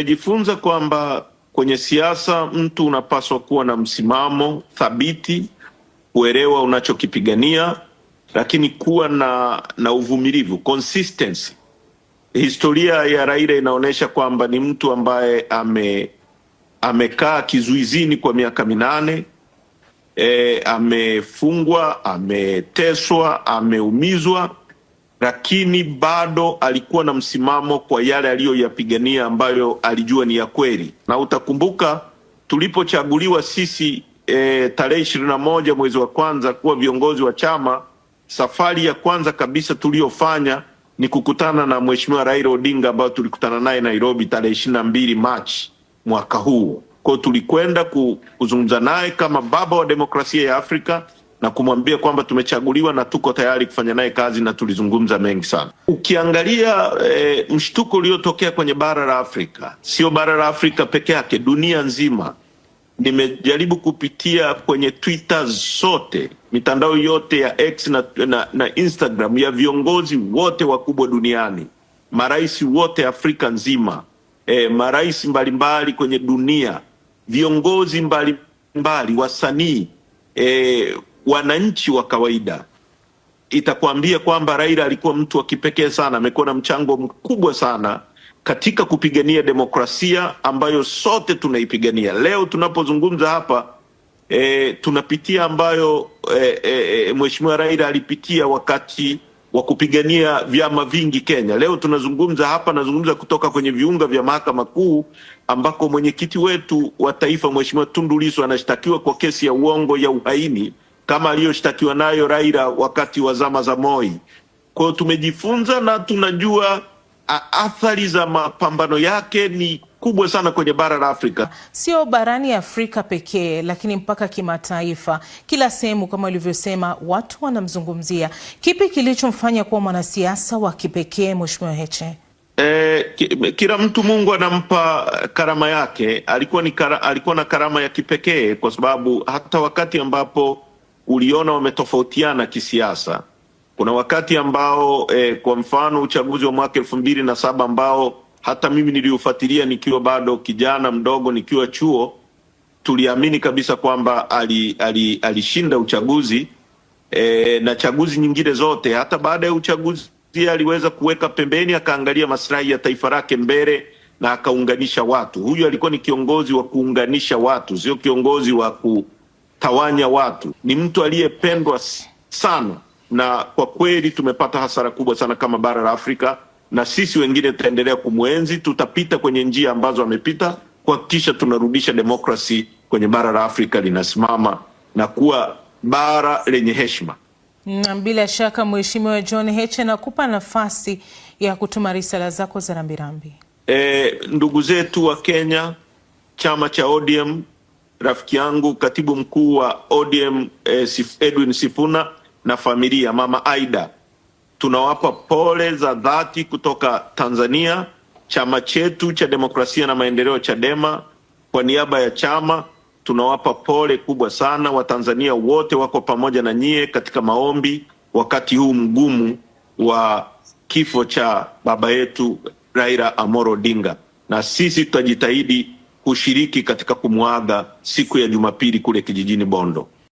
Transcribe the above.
Nimejifunza kwamba kwenye siasa mtu unapaswa kuwa na msimamo thabiti, kuelewa unachokipigania, lakini kuwa na na uvumilivu, consistency. Historia ya Raila inaonyesha kwamba ni mtu ambaye ame amekaa kizuizini kwa miaka minane. E, amefungwa, ameteswa, ameumizwa lakini bado alikuwa na msimamo kwa yale aliyoyapigania ambayo alijua ni ya kweli, na utakumbuka tulipochaguliwa sisi e, tarehe ishirini na moja mwezi wa kwanza kuwa viongozi wa chama, safari ya kwanza kabisa tuliyofanya ni kukutana na Mheshimiwa Raila Odinga ambayo tulikutana naye Nairobi tarehe ishirini na mbili Machi mwaka huu. Kwao tulikwenda kuzungumza naye kama baba wa demokrasia ya Afrika na kumwambia kwamba tumechaguliwa na tuko tayari kufanya naye kazi na tulizungumza mengi sana. Ukiangalia e, mshtuko uliotokea kwenye bara la Afrika, sio bara la Afrika peke yake, dunia nzima. Nimejaribu kupitia kwenye Twitter zote, mitandao yote ya X na, na, na Instagram ya viongozi wote wakubwa duniani, marais wote Afrika nzima, e, marais mbalimbali kwenye dunia, viongozi mbalimbali, wasanii e, wananchi wa kawaida itakwambia kwamba Raila alikuwa mtu wa kipekee sana, amekuwa na mchango mkubwa sana katika kupigania demokrasia ambayo sote tunaipigania. Leo tunapozungumza hapa e, tunapitia ambayo e, e, e, Mheshimiwa Raila alipitia wakati wa kupigania vyama vingi Kenya. Leo tunazungumza hapa, nazungumza kutoka kwenye viunga vya Mahakama Kuu ambako mwenyekiti wetu wa taifa Mheshimiwa Tundu Lissu anashtakiwa kwa kesi ya uongo ya uhaini kama aliyoshtakiwa nayo Raila wakati wa zama za Moi. Kwa hiyo tumejifunza na tunajua athari za mapambano yake ni kubwa sana kwenye bara la Afrika, sio barani Afrika pekee, lakini mpaka kimataifa. Kila sehemu kama ulivyosema, watu wanamzungumzia. Kipi kilichomfanya kuwa mwanasiasa wa kipekee, Mheshimiwa Heche? Eh, kila mtu Mungu anampa karama yake. Alikuwa ni kara, alikuwa na karama ya kipekee kwa sababu hata wakati ambapo uliona wametofautiana kisiasa. Kuna wakati ambao eh, kwa mfano uchaguzi wa mwaka elfu mbili na saba ambao hata mimi niliufuatilia nikiwa bado kijana mdogo, nikiwa chuo, tuliamini kabisa kwamba alishinda ali, ali uchaguzi e, na chaguzi nyingine zote. Hata baada ya uchaguzi aliweza kuweka pembeni, akaangalia maslahi ya taifa lake mbele na akaunganisha watu. Huyu alikuwa ni kiongozi wa kuunganisha watu, sio kiongozi wa ku tawanya watu. Ni mtu aliyependwa sana, na kwa kweli tumepata hasara kubwa sana kama bara la Afrika, na sisi wengine tutaendelea kumwenzi, tutapita kwenye njia ambazo amepita kuhakikisha tunarudisha demokrasi kwenye bara la Afrika linasimama na kuwa bara lenye heshima. Na bila shaka Mheshimiwa John Heche, nakupa nafasi ya kutuma risala zako za rambirambi. E, ndugu zetu wa Kenya, chama cha ODM rafiki yangu katibu mkuu wa ODM eh, Edwin Sifuna na familia mama Aida, tunawapa pole za dhati kutoka Tanzania, chama chetu cha demokrasia na maendeleo Chadema. Kwa niaba ya chama tunawapa pole kubwa sana. Watanzania wote wako pamoja na nyie katika maombi wakati huu mgumu wa kifo cha baba yetu Raila Amoro Odinga, na sisi tutajitahidi kushiriki katika kumwaga siku ya Jumapili kule kijijini Bondo.